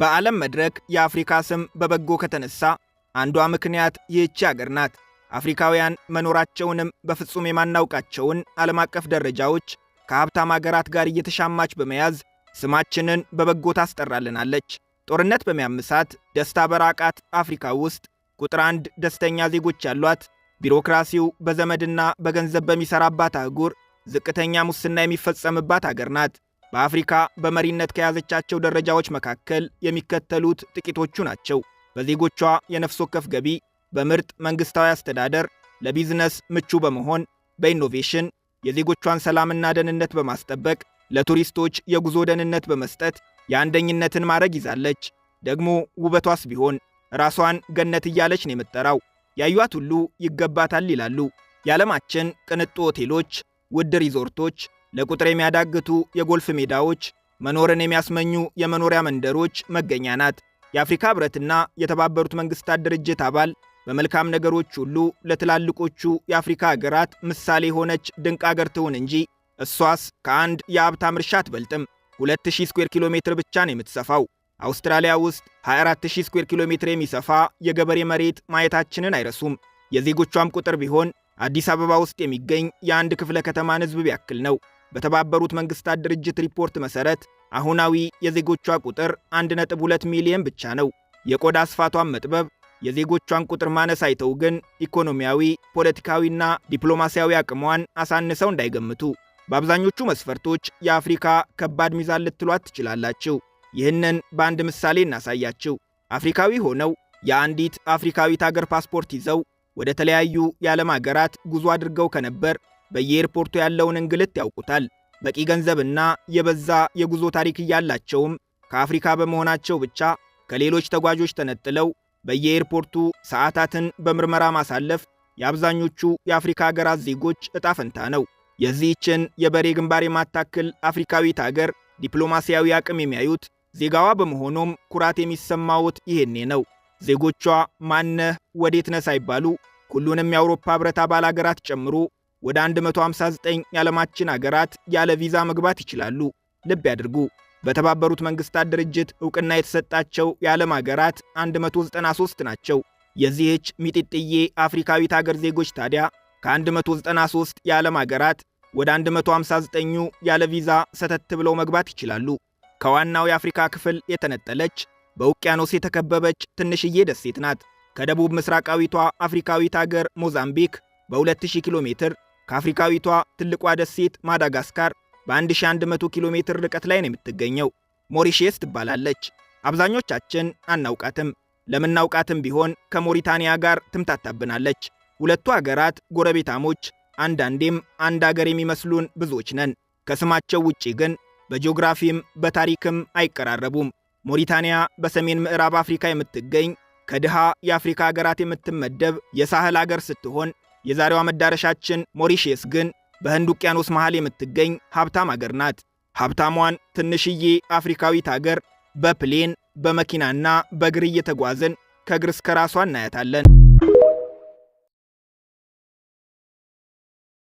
በዓለም መድረክ የአፍሪካ ስም በበጎ ከተነሳ አንዷ ምክንያት ይህቺ አገር ናት። አፍሪካውያን መኖራቸውንም በፍጹም የማናውቃቸውን ዓለም አቀፍ ደረጃዎች ከሀብታም አገራት ጋር እየተሻማች በመያዝ ስማችንን በበጎ ታስጠራልናለች። ጦርነት በሚያምሳት፣ ደስታ በራቃት አፍሪካ ውስጥ ቁጥር አንድ ደስተኛ ዜጎች ያሏት፣ ቢሮክራሲው በዘመድና በገንዘብ በሚሠራባት አህጉር ዝቅተኛ ሙስና የሚፈጸምባት አገር ናት። በአፍሪካ በመሪነት ከያዘቻቸው ደረጃዎች መካከል የሚከተሉት ጥቂቶቹ ናቸው። በዜጎቿ የነፍስ ወከፍ ገቢ፣ በምርጥ መንግሥታዊ አስተዳደር፣ ለቢዝነስ ምቹ በመሆን፣ በኢኖቬሽን፣ የዜጎቿን ሰላምና ደህንነት በማስጠበቅ፣ ለቱሪስቶች የጉዞ ደህንነት በመስጠት የአንደኝነትን ማድረግ ይዛለች። ደግሞ ውበቷስ ቢሆን ራሷን ገነት እያለች ነው የምትጠራው። ያዩት ሁሉ ይገባታል ይላሉ። የዓለማችን ቅንጡ ሆቴሎች፣ ውድ ሪዞርቶች ለቁጥር የሚያዳግቱ የጎልፍ ሜዳዎች፣ መኖርን የሚያስመኙ የመኖሪያ መንደሮች መገኛ ናት። የአፍሪካ ህብረትና የተባበሩት መንግስታት ድርጅት አባል በመልካም ነገሮች ሁሉ ለትላልቆቹ የአፍሪካ አገራት ምሳሌ የሆነች ድንቅ አገር ትሁን እንጂ እሷስ ከአንድ የሀብታም እርሻ አትበልጥም። 2000 ስኩዌር ኪሎ ሜትር ብቻ ነው የምትሰፋው። አውስትራሊያ ውስጥ 24000 ስኩዌር ኪሎ ሜትር የሚሰፋ የገበሬ መሬት ማየታችንን አይረሱም። የዜጎቿም ቁጥር ቢሆን አዲስ አበባ ውስጥ የሚገኝ የአንድ ክፍለ ከተማን ህዝብ ቢያክል ነው። በተባበሩት መንግስታት ድርጅት ሪፖርት መሠረት አሁናዊ የዜጎቿ ቁጥር 1.2 ሚሊዮን ብቻ ነው። የቆዳ ስፋቷን መጥበብ የዜጎቿን ቁጥር ማነስ አይተው ግን ኢኮኖሚያዊ፣ ፖለቲካዊና ዲፕሎማሲያዊ አቅሟን አሳንሰው እንዳይገምቱ። በአብዛኞቹ መስፈርቶች የአፍሪካ ከባድ ሚዛን ልትሏት ትችላላችሁ። ይህንን በአንድ ምሳሌ እናሳያችሁ። አፍሪካዊ ሆነው የአንዲት አፍሪካዊት አገር ፓስፖርት ይዘው ወደ ተለያዩ የዓለም አገራት ጉዞ አድርገው ከነበር በየኤርፖርቱ ያለውን እንግልት ያውቁታል። በቂ ገንዘብና የበዛ የጉዞ ታሪክ እያላቸውም ከአፍሪካ በመሆናቸው ብቻ ከሌሎች ተጓዦች ተነጥለው በየኤርፖርቱ ሰዓታትን በምርመራ ማሳለፍ የአብዛኞቹ የአፍሪካ አገራት ዜጎች ዕጣ ፈንታ ነው። የዚህችን የበሬ ግንባር የማታክል አፍሪካዊት አገር ዲፕሎማሲያዊ አቅም የሚያዩት ዜጋዋ በመሆኖም ኩራት የሚሰማዎት ይሄኔ ነው። ዜጎቿ ማነህ፣ ወዴት ነህ ሳይባሉ ሁሉንም የአውሮፓ ኅብረት አባል አገራት ጨምሮ ወደ 159 የዓለማችን አገራት ያለ ቪዛ መግባት ይችላሉ። ልብ ያድርጉ፣ በተባበሩት መንግስታት ድርጅት እውቅና የተሰጣቸው የዓለም አገራት 193 ናቸው። የዚህች ሚጢጥዬ አፍሪካዊት አገር ዜጎች ታዲያ ከ193 የዓለም አገራት ወደ 159ኙ ያለ ቪዛ ሰተት ብለው መግባት ይችላሉ። ከዋናው የአፍሪካ ክፍል የተነጠለች በውቅያኖስ የተከበበች ትንሽዬ ደሴት ናት። ከደቡብ ምስራቃዊቷ አፍሪካዊት አገር ሞዛምቢክ በ2000 ኪሎ ሜትር ከአፍሪካዊቷ ትልቋ ደሴት ማዳጋስካር በ1100 ኪሎ ሜትር ርቀት ላይ ነው የምትገኘው። ሞሪሼስ ትባላለች። አብዛኞቻችን አናውቃትም። ለምናውቃትም ቢሆን ከሞሪታንያ ጋር ትምታታብናለች። ሁለቱ አገራት ጎረቤታሞች፣ አንዳንዴም አንድ አገር የሚመስሉን ብዙዎች ነን። ከስማቸው ውጪ ግን በጂኦግራፊም በታሪክም አይቀራረቡም። ሞሪታንያ በሰሜን ምዕራብ አፍሪካ የምትገኝ ከድሃ የአፍሪካ አገራት የምትመደብ የሳህል አገር ስትሆን የዛሬዋ መዳረሻችን ሞሪሼስ ግን በህንድ ውቅያኖስ መሃል የምትገኝ ሀብታም አገር ናት። ሀብታሟን ትንሽዬ አፍሪካዊት አገር በፕሌን በመኪናና በእግር እየተጓዝን ከእግር እስከ ራሷ እናያታለን።